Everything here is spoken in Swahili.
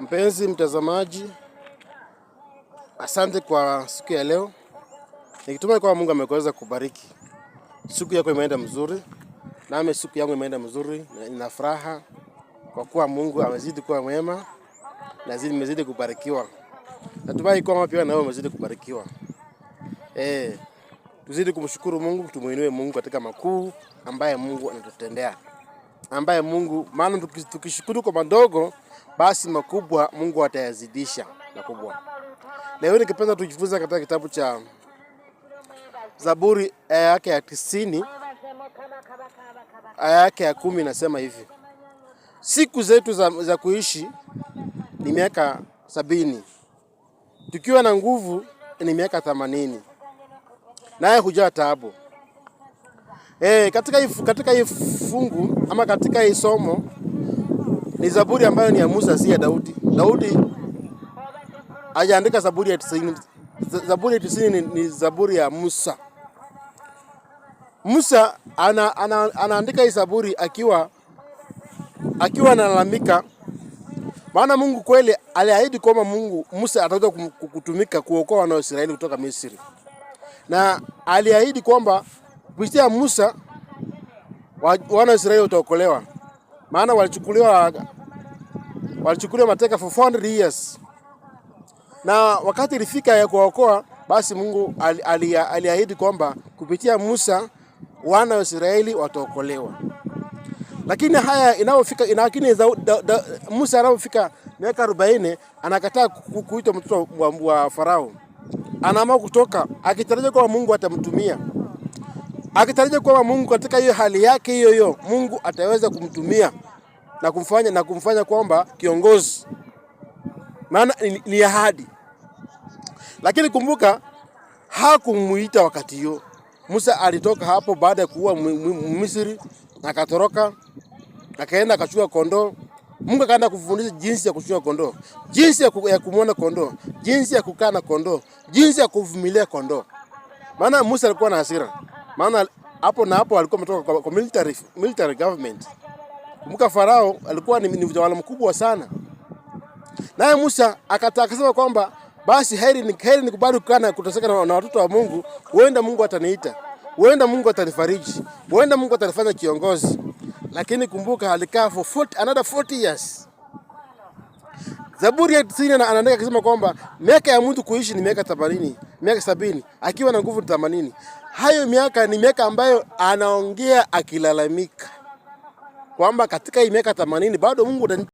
Mpenzi mtazamaji, asante kwa siku ya leo, nikitumai kwamba Mungu amekuweza kubariki siku yako, imeenda mzuri nami siku yangu imeenda mzuri, nina furaha kwa kuwa Mungu amezidi kuwa mwema na zidi nimezidi kubarikiwa. Natumai kwamba pia nawe umezidi kubarikiwa. Eh, tuzidi kumshukuru Mungu, tumuinue Mungu katika makuu ambaye Mungu anatutendea, ambaye Mungu maana tukishukuru kwa madogo basi makubwa Mungu atayazidisha makubwa. Leo ningependa tujifunze katika kitabu cha Zaburi aya yake ya tisini aya yake ya kumi inasema hivi: siku zetu za, za kuishi ni miaka sabini, tukiwa na nguvu ni miaka themanini, naye hujaa taabu. E, katika hii katika hii fungu ama katika hii somo ni zaburi ambayo ni ya Musa, si ya Daudi. Daudi ajaandika zaburi ya 90. Zaburi ya 90 ni, ni zaburi ya Musa. Musa ana, ana, anaandika hii zaburi akiwa akiwa analalamika, maana Mungu kweli aliahidi kwamba Mungu Musa ataweza kutumika kuokoa wana wa Israeli kutoka Misri, na aliahidi kwamba kupitia Musa wana wa Israeli wataokolewa maana walichukuliwa walichukuliwa mateka for 400 years, na wakati ilifika ya kuwaokoa, basi Mungu aliahidi ali, ali kwamba kupitia Musa wana wa Israeli wataokolewa. Lakini haya inapofika lakini Musa anapofika miaka 40 anakataa kuitwa mtoto wa, wa Farao, anaamua kutoka akitarajia kwamba Mungu atamtumia akitarajia kwamba Mungu katika hiyo hali yake hiyo hiyo Mungu ataweza kumtumia na kumfanya na kumfanya kwamba kiongozi, maana ni ahadi. Lakini kumbuka hakumuita wakati hiyo. Musa alitoka hapo baada ya kuua Misri na akatoroka, akaenda akachua kondoo. Mungu akaenda kufundisha jinsi ya kuchua kondoo, jinsi ya kumwona kondoo, jinsi ya kukaa na kondoo, jinsi ya kuvumilia kondoo, maana Musa alikuwa na hasira maana hapo na hapo alikuwa ametoka kwa military, military government. Kumbuka Farao alikuwa ni, ni mtawala mkubwa sana, naye Musa akataka akasema kwamba basi heri ni heri ni kubali na kuteseka na, na watoto wa Mungu, huenda Mungu ataniita, huenda Mungu atanifariji, huenda Mungu atanifanya kiongozi. Lakini kumbuka alikaa for 40, another 40 years Zaburi ya tisini anaandika akisema kwamba miaka ya mtu kuishi ni miaka themanini, miaka sabini akiwa na nguvu ni themanini. Hayo miaka ni miaka ambayo anaongea akilalamika kwamba katika hii miaka themanini bado Mungu